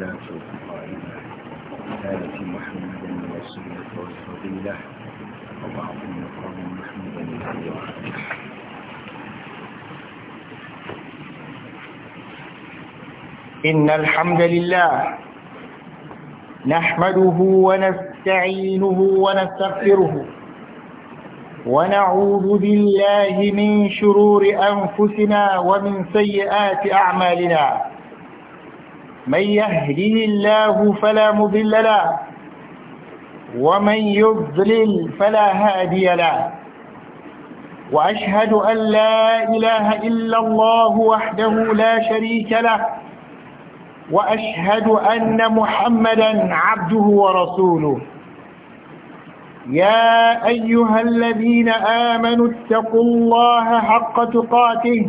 وعلى توفيق آلة محمد من السنة والفضيلة وبعض مقام محمد من إن الحمد لله نحمده ونستعينه ونستغفره ونعوذ بالله من شرور أنفسنا ومن سيئات أعمالنا من يهدي الله فلا مضل له ومن يضلل فلا هادي له وأشهد أن لا إله إلا الله وحده لا شريك له وأشهد أن محمدا عبده ورسوله يا أيها الذين آمنوا اتقوا الله حق تقاته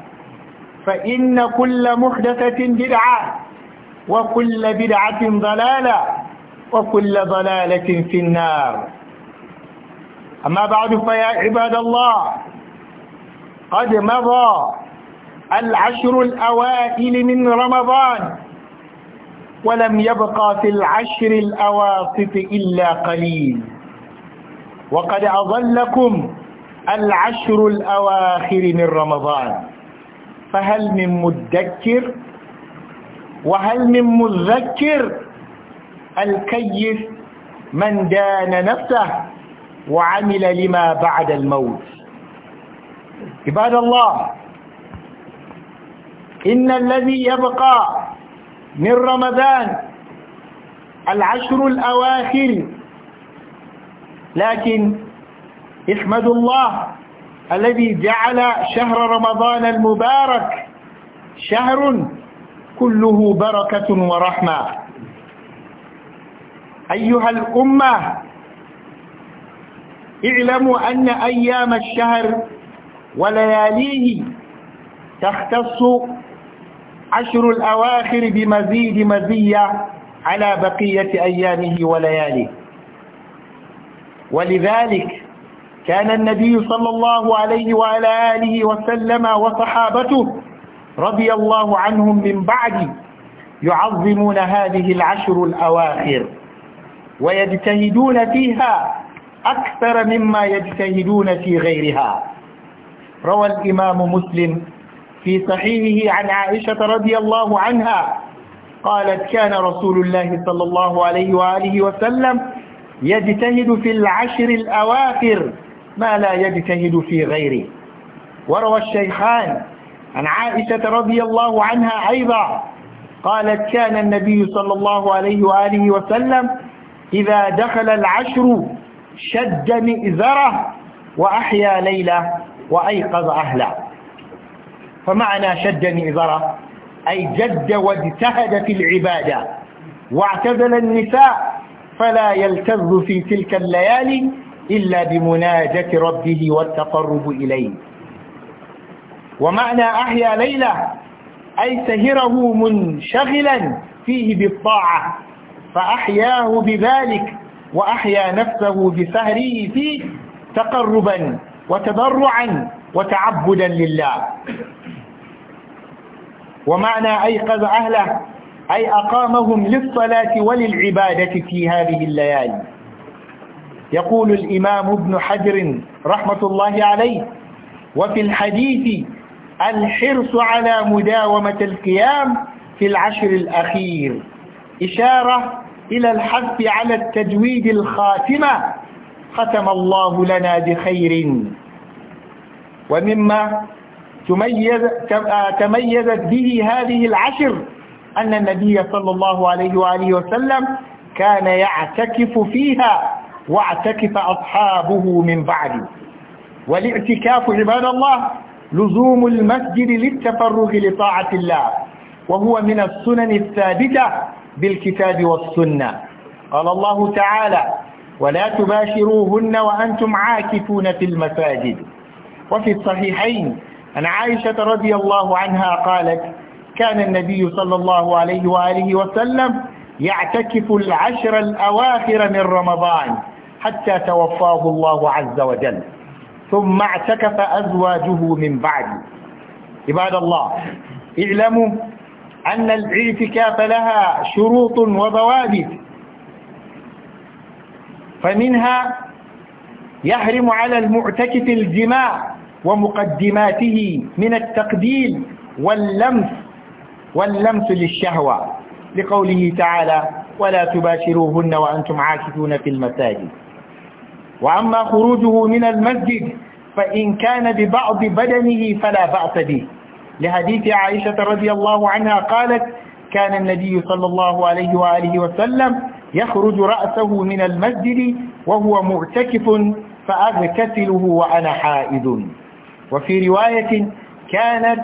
فإن كل محدثة بدعة وكل بدعة ضلالة وكل ضلالة في النار أما بعد فيا عباد الله قد مضى العشر الأوائل من رمضان ولم يبقى في العشر الأواسط إلا قليل وقد أظلكم العشر الأواخر من رمضان فهل من مدكر وهل من مذكر الكيف من دان نفسه وعمل لما بعد الموت عباد الله إن الذي يبقى من رمضان العشر الأواخر لكن احمدوا الله الذي جعل شهر رمضان المبارك شهر كله بركة ورحمة أيها الأمة اعلموا أن أيام الشهر ولياليه تختص عشر الأواخر بمزيد مزية على بقية أيامه ولياليه ولذلك كان النبي صلى الله عليه وعلى آله وسلم وصحابته رضي الله عنهم من بعد يعظمون هذه العشر الأواخر ويجتهدون فيها أكثر مما يجتهدون في غيرها روى الإمام مسلم في صحيحه عن عائشة رضي الله عنها قالت كان رسول الله صلى الله عليه وآله وسلم يجتهد في العشر الأواخر ما لا يجتهد في غيره وروى الشيخان عن عائشة رضي الله عنها أيضا قالت كان النبي صلى الله عليه وآله وسلم إذا دخل العشر شد مئزره وأحيا ليلة وأيقظ أهله فمعنى شد مئزره أي جد واجتهد في العبادة واعتزل النساء فلا يلتذ في تلك الليالي إلا بمناجة ربه والتقرب إليه ومعنى أحيا ليلة أي سهره منشغلا فيه بالطاعة فأحياه بذلك وأحيا نفسه بسهره فيه تقربا وتضرعا وتعبدا لله ومعنى أيقظ أهله أي أقامهم للصلاة وللعبادة في هذه الليالي يقول الإمام ابن حجر رحمة الله عليه وفي الحديث الحرص على مداومة القيام في العشر الأخير إشارة إلى الحث على التجويد الخاتمة ختم الله لنا بخير ومما تميز آه، تميزت به هذه العشر أن النبي صلى الله عليه وآله وسلم كان يعتكف فيها واعتكف أصحابه من بعدي والاعتكاف عباد الله لزوم المسجد للتفرغ لطاعة الله وهو من السنن الثابتة بالكتاب والسنة قال الله تعالى ولا تباشروهن وأنتم عاكفون في المساجد وفي الصحيحين أن عائشة رضي الله عنها قالت كان النبي صلى الله عليه وآله وسلم يعتكف العشر الأواخر من رمضان حتى توفاه الله عز وجل ثم اعتكف أزواجه من بعد عباد الله اعلموا أن الاعتكاف لها شروط وضوابط فمنها يحرم على المعتكف الجماع ومقدماته من التقديل واللمس واللمس للشهوة لقوله تعالى ولا تباشروهن وأنتم عاكفون في المساجد وأما خروجه من المسجد فإن كان ببعض بدنه فلا بأس به لحديث عائشة رضي الله عنها قالت كان النبي صلى الله عليه وآله وسلم يخرج رأسه من المسجد وهو معتكف فأغتسله وأنا حائد وفي رواية كانت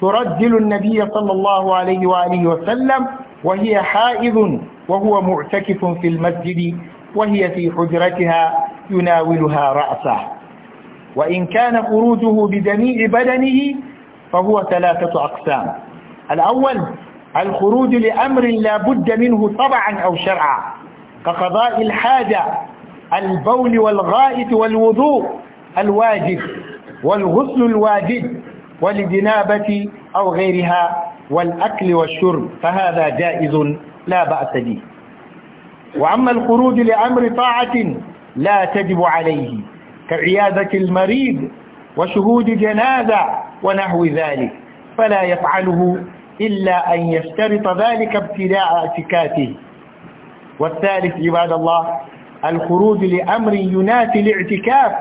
ترجل النبي صلى الله عليه وآله وسلم وهي حائض وهو معتكف في المسجد وهي في حجرتها يناولها رأسه وإن كان خروجه بجميع بدنه فهو ثلاثة أقسام الأول الخروج لأمر لا بد منه طبعا أو شرعا كقضاء الحاجة البول والغائط والوضوء الواجب والغسل الواجب والجنابة أو غيرها والأكل والشرب فهذا جائز لا بأس به وأما الخروج لأمر طاعة لا تجب عليه كعيادة المريض وشهود جنازة ونحو ذلك فلا يفعله إلا أن يشترط ذلك ابتداء اعتكافه والثالث عباد الله الخروج لأمر ينافي الاعتكاف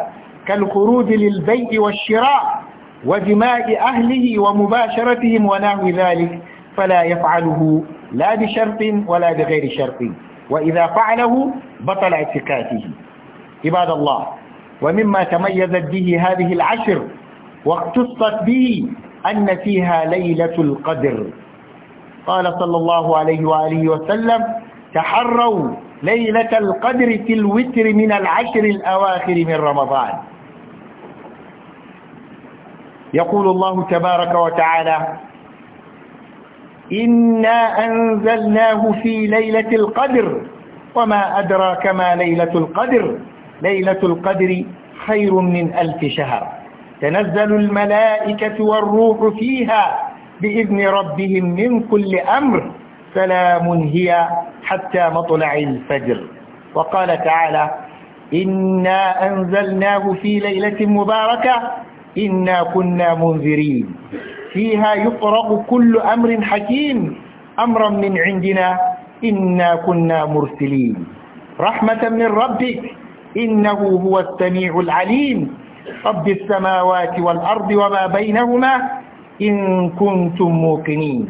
كالخروج للبيع والشراء وجماع أهله ومباشرتهم ونحو ذلك فلا يفعله لا بشرط ولا بغير شرط وإذا فعله بطل اعتكافه عباد الله ومما تميزت به هذه العشر واختصت به أن فيها ليلة القدر قال صلى الله عليه وآله وسلم تحروا ليلة القدر في الوتر من العشر الأواخر من رمضان يقول الله تبارك وتعالى إنا أنزلناه في ليلة القدر وما أدراك ما ليلة القدر ليلة القدر خير من ألف شهر تنزل الملائكة والروح فيها بإذن ربهم من كل أمر سلام هي حتى مطلع الفجر وقال تعالى إنا أنزلناه في ليلة مباركة إنا كنا منذرين فيها يفرغ كل أمر حكيم أمرا من عندنا إنا كنا مرسلين رحمة من ربك إنه هو السميع العليم رب السماوات والأرض وما بينهما إن كنتم موقنين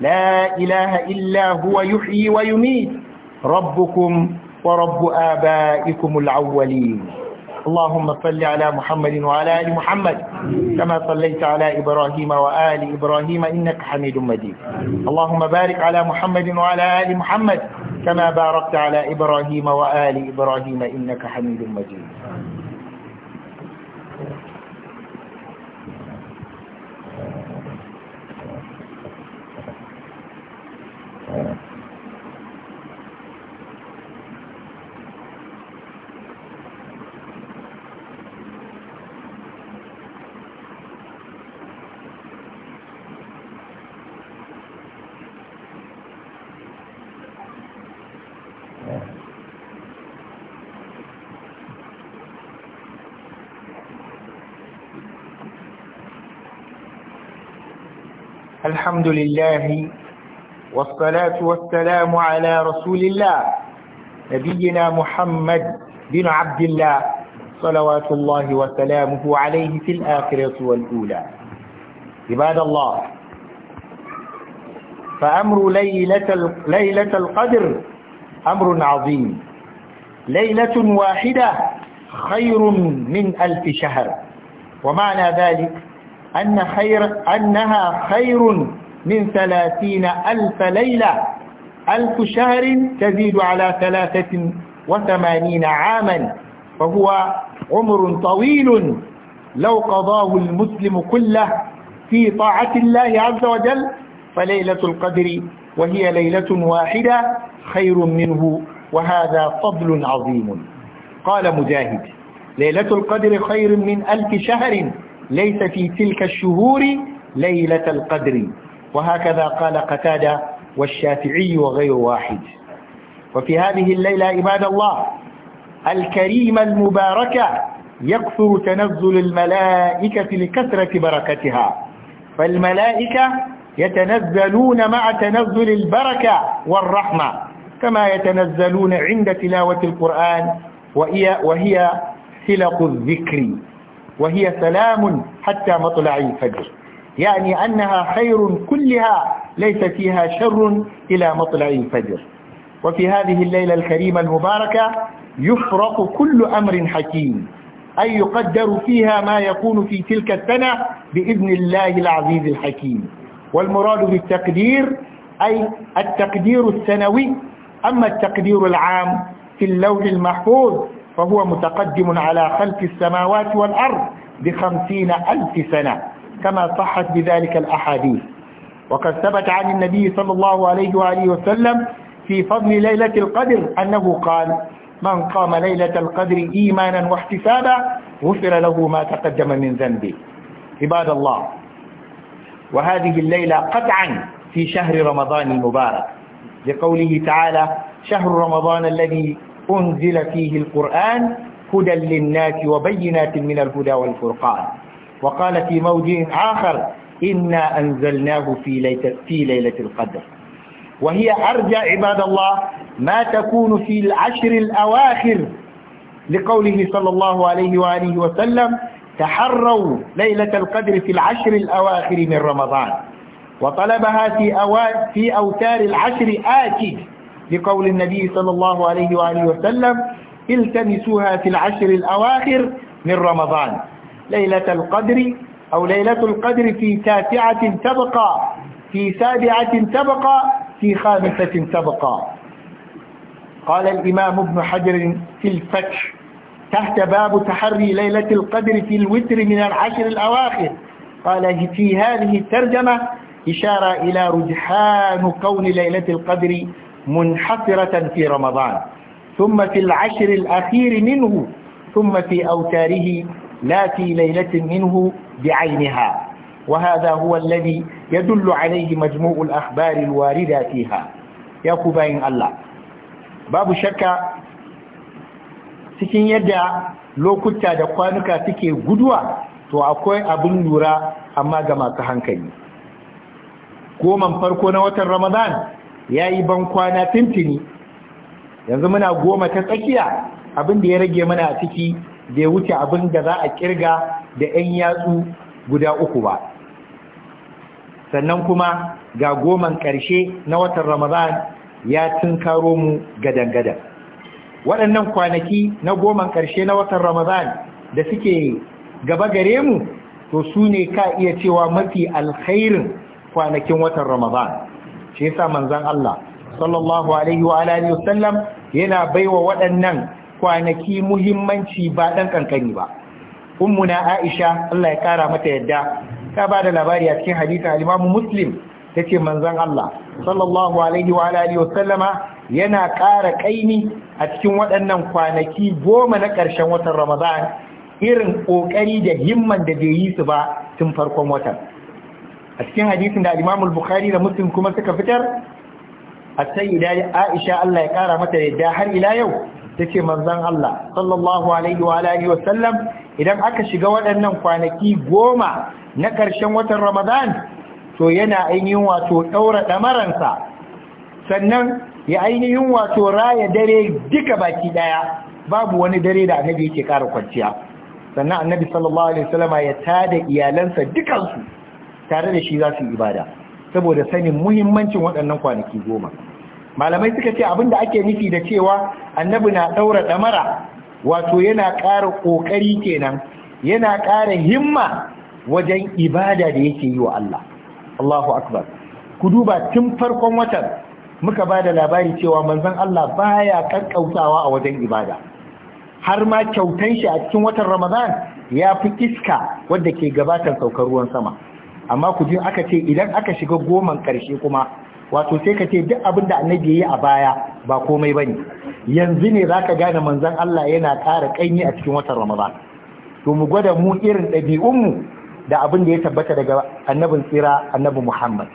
لا إله إلا هو يحيي ويميت ربكم ورب آبائكم الأولين اللهم صل على محمد وعلى آل محمد كما صليت على إبراهيم وآل إبراهيم إنك حميد مجيد اللهم بارك على محمد وعلى آل محمد كما باركت على إبراهيم وآل إبراهيم إنك حميد مجيد الحمد لله والصلاة والسلام على رسول الله نبينا محمد بن عبد الله صلوات الله وسلامه عليه في الآخرة والأولى عباد الله فأمر ليلة, ليلة القدر أمر عظيم ليلة واحدة خير من ألف شهر ومعنى ذلك أن خير أنها خير من ثلاثين ألف ليلة ألف شهر تزيد على ثلاثة وثمانين عاما فهو عمر طويل لو قضاه المسلم كله في طاعة الله عز وجل فليلة القدر وهي ليلة واحدة خير منه وهذا فضل عظيم قال مجاهد ليلة القدر خير من ألف شهر ليس في تلك الشهور ليلة القدر وهكذا قال قتادة والشافعي وغير واحد وفي هذه الليلة عباد الله الكريمة المباركة يكثر تنزل الملائكة لكثرة بركتها فالملائكة يتنزلون مع تنزل البركة والرحمة كما يتنزلون عند تلاوة القرآن وهي, وهي سلق الذكر وهي سلام حتى مطلع الفجر يعني أنها خير كلها ليس فيها شر إلى مطلع الفجر وفي هذه الليلة الكريمة المباركة يفرق كل أمر حكيم أي يقدر فيها ما يكون في تلك السنة بإذن الله العزيز الحكيم والمراد بالتقدير أي التقدير السنوي أما التقدير العام في اللوح المحفوظ فهو متقدم على خلق السماوات والأرض بخمسين ألف سنة كما صحت بذلك الأحاديث وقد ثبت عن النبي صلى الله عليه وآله وسلم في فضل ليلة القدر أنه قال من قام ليلة القدر إيمانا واحتسابا غفر له ما تقدم من ذنبه عباد الله وهذه الليلة قطعا في شهر رمضان المبارك لقوله تعالى شهر رمضان الذي أنزل فيه القرآن هدى للناس وبينات من الهدى والفرقان وقال في موضع آخر إنا أنزلناه في, ليلة, في ليلة القدر وهي أرجى عباد الله ما تكون في العشر الأواخر لقوله صلى الله عليه وآله وسلم تحروا ليلة القدر في العشر الأواخر من رمضان وطلبها في, أو في أوتار العشر آتي لقول النبي صلى الله عليه وآله وسلم التمسوها في العشر الأواخر من رمضان ليلة القدر أو ليلة القدر في تاسعة تبقى في سابعة تبقى في خامسة تبقى قال الإمام ابن حجر في الفتح تحت باب تحري ليلة القدر في الوتر من العشر الأواخر قال في هذه الترجمة إشارة إلى رجحان كون ليلة القدر منحصرة في رمضان ثم في العشر الأخير منه ثم في أوتاره لا في ليلة منه بعينها وهذا هو الذي يدل عليه مجموع الأخبار الواردة فيها يا كوباين الله باب شكا سكين يدع لو كنت دقوانك تكي قدوة تو أكوي أبن يرى أما جماعة هنكي كوما فرقونا وتر رمضان ya yi ban kwana tintini yanzu muna goma ta tsakiya abin da ya rage mana a ciki da ya wuce abin da za a kirga da 'yan yatsu guda uku ba sannan kuma ga goman ƙarshe na watan ramadan ya tunkaro mu gadangada waɗannan kwanaki na goman ƙarshe na watan ramadan da suke gaba gare mu to su ne ka iya cewa mafi alkhairin kwanakin watan ramadan shi yasa manzon Allah sallallahu alaihi wa alihi wasallam yana baiwa waɗannan kwanaki muhimmanci ba dan kankani ba ummuna Aisha Allah ya kara mata yadda ta ba da labari a cikin hadisi al Muslim Muslim tace manzon Allah sallallahu alaihi wa alihi wasallama yana ƙara ƙaini a cikin waɗannan kwanaki goma na ƙarshen watan Ramadan irin ƙoƙari da himman da bai yi su ba tun farkon watan. a cikin hadisin da Imam bukhari da Muslim kuma suka fitar a sayyida Aisha Allah ya kara mata yadda har ila yau tace manzon Allah sallallahu alaihi wa alihi wa sallam idan aka shiga waɗannan kwanaki goma na ƙarshen watan Ramadan to yana ainihin wato daura damaransa sannan ya ainihin wato raya dare duka baki daya babu wani dare da annabi yake ƙara kwanciya sannan annabi sallallahu alaihi wasallama ya tada iyalansa dukansu tare da shi za su yi ibada saboda sanin muhimmancin waɗannan kwanaki goma malamai suka ce abinda ake nufi da cewa annabi na ɗaura ɗamara wato yana ƙara ƙoƙari kenan yana ƙara himma wajen ibada da yake yi wa Allah Allahu akbar ku duba tun farkon watan muka ba da labari cewa manzon Allah baya kakkautawa a wajen ibada har ma kyautan shi a cikin watan Ramadan ya fi iska wadda ke gabatar saukar ruwan sama amma ku ji aka ce idan aka shiga goman ƙarshe kuma wato sai ka ce duk abin da annabi yi a baya ba komai ba ne. yanzu ne za ka gane manzon Allah yana ƙara kaini a cikin watan Ramadan to mu gwada mu irin ɗabi'un mu da abin da ya tabbata daga annabin tsira annabi Muhammad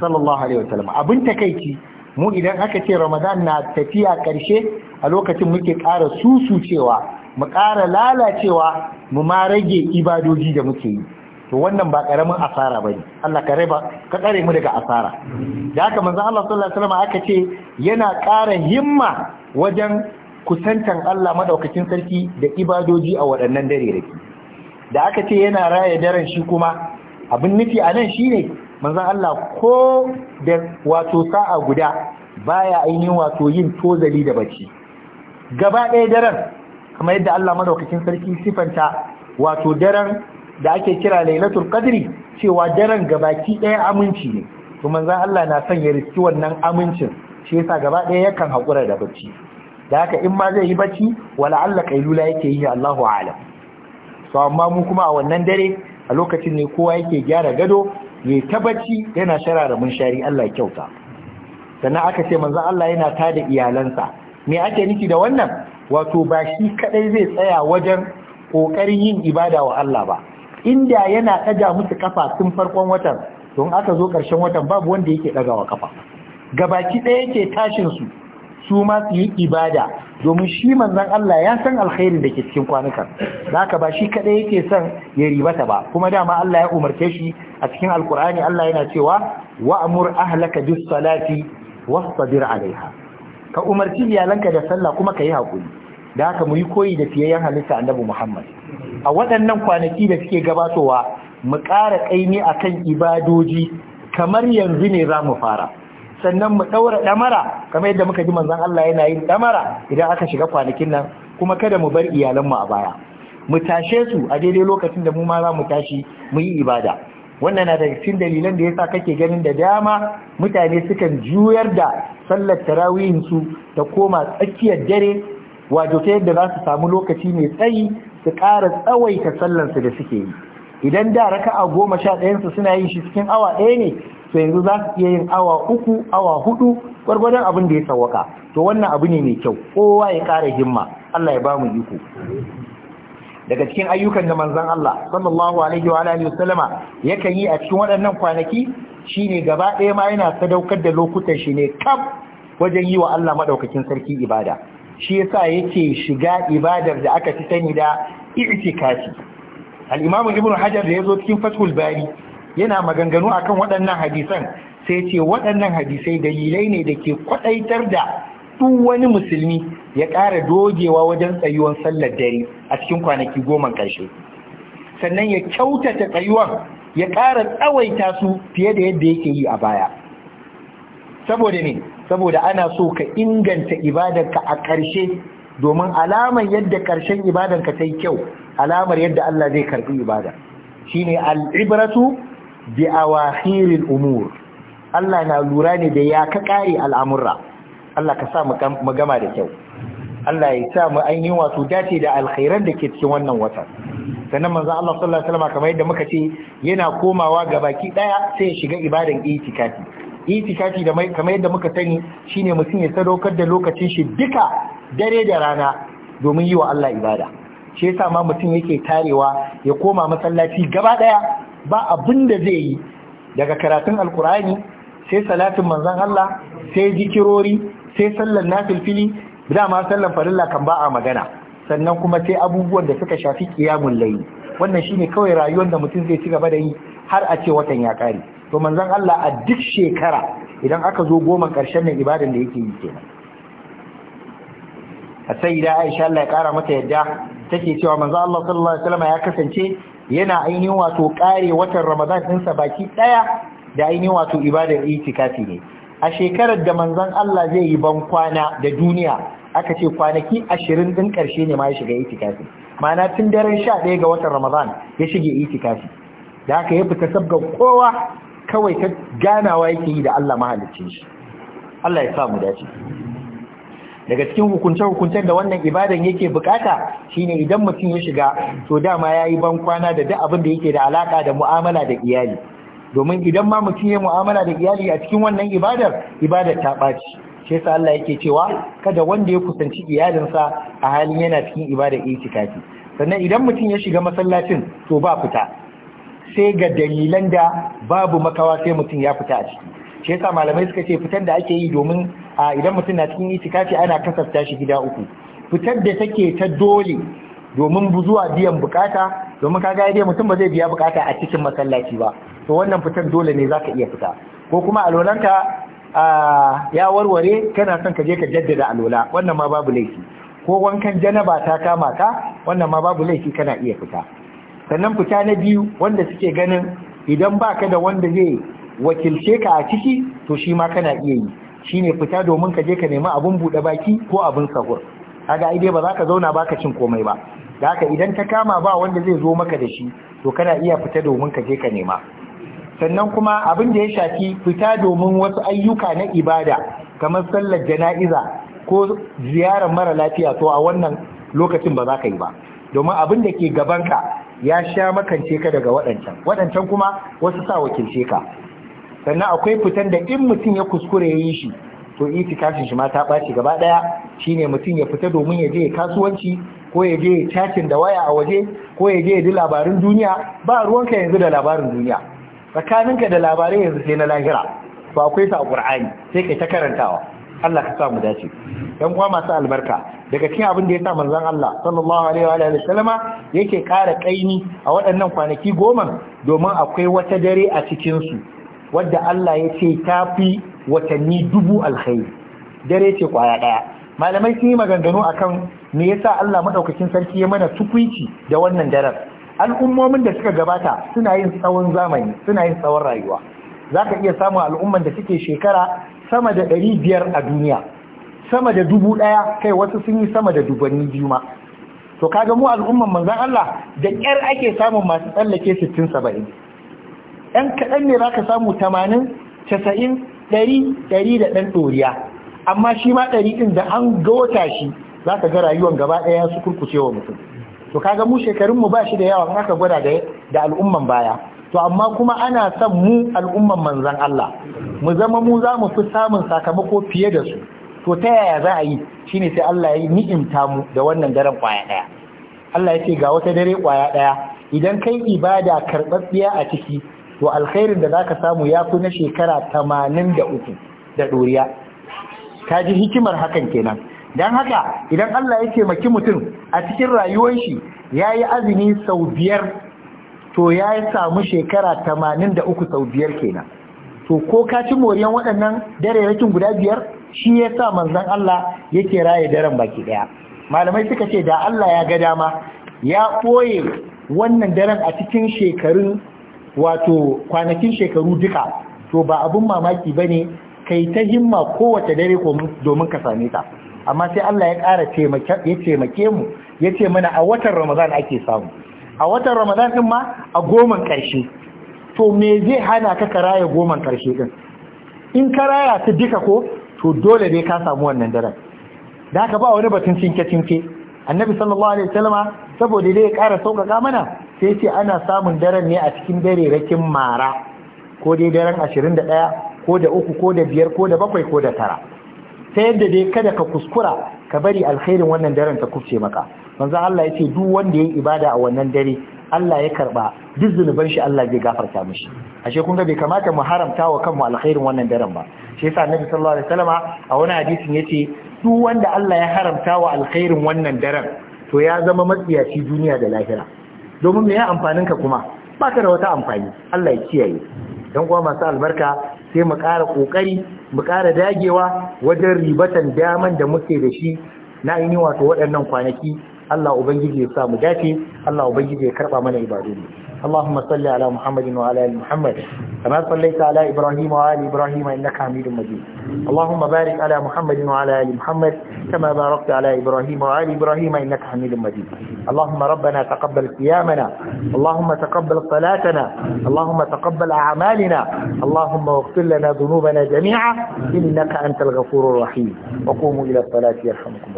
sallallahu alaihi wasallam abin takeici mu idan aka ce Ramadan na tafiya ƙarshe a lokacin muke ƙara susucewa, mu ƙara lalacewa mu ma rage ibadoji da muke yi to wannan ba karamin asara bane Allah ka raba ka kare mu daga asara da haka manzon Allah sallallahu alaihi wasallam aka ce yana ƙara himma wajen kusantan Allah madaukakin sarki da ibadoji a waɗannan dare da aka ce yana raya daren shi kuma abin nufi a nan shine manzon Allah ko da wato sa'a guda baya ainihin wato yin tozali da bacci gaba ɗaya daren kamar yadda Allah madaukakin sarki sifanta wato daren da ake kira lailatul qadri cewa daren gabaki ɗaya aminci ne to manzon Allah na son ya riski wannan amincin shi yasa gaba ɗaya yakan hakura da bacci da haka in ma zai yi bacci wala alla kailula yake yi Allahu a'lam to amma mu kuma a wannan dare a lokacin ne kowa yake gyara gado yayi ta bacci yana sharara mun shari Allah kyauta sannan aka ce manzon Allah yana tada iyalansa me ake niki da wannan wato ba shi kadai zai tsaya wajen kokarin yin ibada wa Allah ba inda yana ɗaga musu kafa tun farkon watan don aka zo ƙarshen watan babu wanda yake ɗagawa kafa gabaki ɗaya yake tashin su su ma yi ibada domin shi manzan Allah ya san alkhairin da ke cikin kwanukan da ka ba shi kaɗai yake son ya ribata ba kuma dama Allah ya umarce shi a cikin alkur'ani Allah yana cewa wa'mur ahlaka bis salati wasbir alaiha ka umarci iyalanka da sallah kuma ka yi hakuri da haka mu yi koyi da yan halitta annabi Muhammad a waɗannan kwanaki da suke gabatowa mu ƙara ƙaimi kan ibadoji kamar yanzu ne za mu fara sannan mu ɗaura ɗamara kamar yadda muka ji manzan Allah yana yin ɗamara idan aka shiga kwanakin nan kuma kada mu bar iyalanmu a baya mu tashe su a daidai lokacin da mu ma za mu tashi mu yi ibada wannan na daga cikin dalilan da ya sa kake ganin da dama mutane sukan juyar da sallar tarawihin su ta koma tsakiyar dare wato ta yadda za su samu lokaci mai tsayi su ƙara tsawaita sallarsu da suke yi idan da raka a goma sha ɗayansu suna yin shi cikin awa ɗaya ne to yanzu za su iya yin awa uku awa hudu gwargwadon abin da ya sawwaka to wannan abu ne mai kyau kowa ya ƙara himma Allah ya ba mu iko daga cikin ayyukan da manzon Allah sallallahu alaihi wa alihi wasallama yakan yi a cikin waɗannan kwanaki shine gaba ɗaya ma yana sadaukar da lokutan shi ne kaf wajen yi wa Allah madaukakin sarki ibada shi yasa yake shiga ibadar da aka fi sani da i'tikafi al-imamu ibnu hajar da yazo cikin fathul bari yana maganganu akan waɗannan hadisan sai ce waɗannan hadisai dalilai ne da ke kwaɗaitar da duk wani musulmi ya ƙara dogewa wajen tsayuwar sallar dare a cikin kwanaki goma ƙarshe sannan ya kyautata tsayuwan ya ƙara tsawaita su fiye da yadda yake yi a baya saboda ne saboda ana so ka inganta ibadarka a ƙarshe domin alamar yadda ƙarshen ibadarka ta yi kyau alamar yadda Allah zai karɓi ibada shi ne al'ibratu bi awakhiril umur Allah na lura ne da ya ka ƙare al'amurra Allah ka sa mu gama da kyau Allah ya sa mu an yi wato dace da alkhairan da ke cikin wannan wata sannan manzo Allah sallallahu alaihi wasallam kamar yadda muka ce yana komawa ga baki ɗaya sai ya shiga ibadan itikafi itikafi da mai kamar yadda muka sani shine mutum ya sadaukar da lokacin shi duka dare da rana domin yi wa Allah ibada shi yasa ma mutum yake tarewa ya koma masallaci gaba daya ba abin da zai yi daga karatun alkur'ani sai salatin manzon Allah sai zikirori sai sallar nafilfili ma sallar farilla kan ba a magana sannan kuma sai abubuwan da suka shafi kiyamun layl wannan shine kawai rayuwar da mutum zai ci gaba da yi har a ce watan ya kare to manzon Allah a duk shekara idan aka zo goma ƙarshen nan ibadan da yake yi kenan a sai da Aisha Allah ya kara mata yadda take cewa manzon Allah sallallahu alaihi wasallam ya kasance yana ainihin wato kare watan Ramadan sa baki ɗaya da ainihin wato ibadar itikafi ne a shekarar da manzon Allah zai yi ban kwana da duniya aka ce kwanaki ashirin ɗin ƙarshe ne ma ya shiga itikafi ma'ana tun daren sha ɗaya ga watan ramadan ya shige itikafi da haka ya fita sabga kowa kawai ta ganawa yake yi da Allah mahalicin shi Allah ya samu dace daga cikin hukunce-hukuncen da wannan ibadan yake bukata shine idan mutum ya shiga to dama yayi ban kwana da duk abin da yake da alaka da mu'amala da iyali domin idan ma mutum ya mu'amala da iyali a cikin wannan ibadar ibadar ta ɓaci shi yasa Allah yake cewa kada wanda ya kusanci sa a halin yana cikin ibadar itikafi sannan idan mutum ya shiga masallacin to ba fita sai ga dalilan da babu makawa sai mutum ya fita a ciki shi yasa malamai suka ce fitan da ake yi domin a idan mutum na cikin itikafi ana kasafta shi gida uku fitar da take ta dole domin zuwa biyan bukata domin ka ga dai mutum ba zai biya bukata a cikin masallaci ba to wannan fitar dole ne zaka iya fita ko kuma alwalanka ya warware kana son ka je ka jaddada alola wannan ma babu laifi ko wankan janaba ta kama ka wannan ma babu laifi kana iya fita sannan fita na biyu wanda suke ganin idan baka da wanda zai wakilce ka a ciki to shi ma kana iya yi shine fita domin ka je ka nema abin buɗe baki ko abin sahur kaga ai dai ba za ka zauna baka cin komai ba da haka idan ta kama ba wanda zai zo maka da shi to kana iya fita domin ka je ka nema sannan kuma abin da ya shafi fita domin wasu ayyuka na ibada kamar sallar jana'iza ko ziyarar mara lafiya to a wannan lokacin ba za ka yi ba domin abin da ke gabanka ya sha makance ka daga waɗancan waɗancan kuma wasu sa wakilce ka sannan akwai fitan da in mutum ya kuskure ya yi shi to itikafin shi ma ta ɓaci gaba ɗaya shine mutum ya fita domin ya je ya kasuwanci ko ya je ya cacin da waya a waje ko ya je ya ji labarin duniya ba ruwanka yanzu da labarin duniya tsakaninka da labarai yanzu sai na lahira to akwai sa a qur'ani sai kai ta karantawa Allah ka sa mu dace dan kuma masu albarka daga cikin abin da ya sa manzon Allah sallallahu alaihi wa alihi yake ƙara ƙaini a waɗannan kwanaki goma domin akwai wata dare a cikinsu wadda Allah ya ce ta fi watanni dubu alkhairi dare ce kwaya ɗaya malamai sun yi maganganu akan me yasa Allah maɗaukakin sarki ya mana tukwici da wannan daren al'ummomin da suka gabata suna yin tsawon zamani suna yin tsawon rayuwa za ka iya samun al'umman da suke shekara sama da ɗari biyar a duniya sama da dubu ɗaya kai wasu sun yi sama da dubanni biyu ma to kaga mu al'umman manzan Allah da ƙyar ake samun masu tsallake 60 70 ɗan kaɗan ne za ka samu 80 90 ɗari da ɗan ɗoriya amma shi ma ɗari ɗin da an gota shi za ka ga rayuwan gaba ɗaya su kurkucewa mutum to kaga mu shekarunmu ba shi da yawa aka gwada da al'umman baya to amma kuma ana son mu al'umman manzan Allah mu zama mu za mu fi samun sakamako fiye da su to ta yaya za a yi shi ne sai Allah ya yi ni'imta mu da wannan daren kwaya ɗaya? Allah ya ce ga wata dare kwaya ɗaya, idan kai ibada karɓaɓɓiya a ciki to alkhairin da za ka samu ya fi na shekara tamanin da uku da ɗoriya ka ji hikimar hakan kenan don haka idan Allah ya taimaki mutum a cikin rayuwar shi ya yi azumi sau biyar to ya samu shekara tamanin da uku sau biyar kenan to ko ka ci moriyan waɗannan darerakin guda biyar shi ya sa manzon Allah yake raye daren baki ɗaya. malamai suka ce da Allah ya ga dama ya ɓoye wannan daren a cikin shekarun wato kwanakin shekaru duka to ba abun mamaki ba ne, ka yi ta himma kowace dare domin ka same ta amma sai Allah ya ƙara ya taimake mu ya ce mana a watan Ramadan ake samu a watan Ramadan ɗin ma a goman ƙarshe to me zai hana ka ka raya goman ƙarshe ɗin in ka raya ta duka ko to dole ne ka samu wannan daren da haka ba wani batun cinke-cinke annabi sallallahu alaihi wasallama saboda dai ya ƙara sauƙaƙa mana sai ce ana samun daren ne a cikin dare dare-rakin mara ko dai daren 21 ko da uku ko da biyar ko da bakwai ko da tara ta yadda dai kada ka kuskura ka bari alkhairin wannan daren ta kufce maka manzo Allah ya ce duk wanda yi ibada a wannan dare Allah ya karba duk zunuban shi Allah zai gafarta mishi ashe kun ga bai kamata mu haramta wa kanmu alkhairin wannan daren ba shi yasa Annabi sallallahu alaihi wasallama a wani hadisin yace duk wanda Allah ya haramta wa alkhairin wannan daren to ya zama matsiyaci duniya da lahira domin me ya amfanin ka kuma baka da wata amfani Allah ya kiyaye dan kuma masu albarka sai mu ƙara ƙoƙari mu ƙara dagewa wajen ribatan daman da muke da shi na ainihin wato waɗannan kwanaki Allah ubangiji ya sa mu dace Allah ubangiji ya karba mana ibadu Allahumma salli ala Muhammadin wa ala ali Muhammad kama sallaita ala Ibrahim wa ali Ibrahim innaka Hamidum Majid Allahumma barik ala Muhammadin wa ala ali Muhammad kama barakta ala Ibrahim wa ali Ibrahim innaka Hamidum Majid Allahumma rabbana taqabbal qiyamana Allahumma taqabbal salatana Allahumma taqabbal a'malina Allahumma ighfir lana dhunubana jami'a innaka antal ghafurur rahim wa qumu ila salati yarhamukum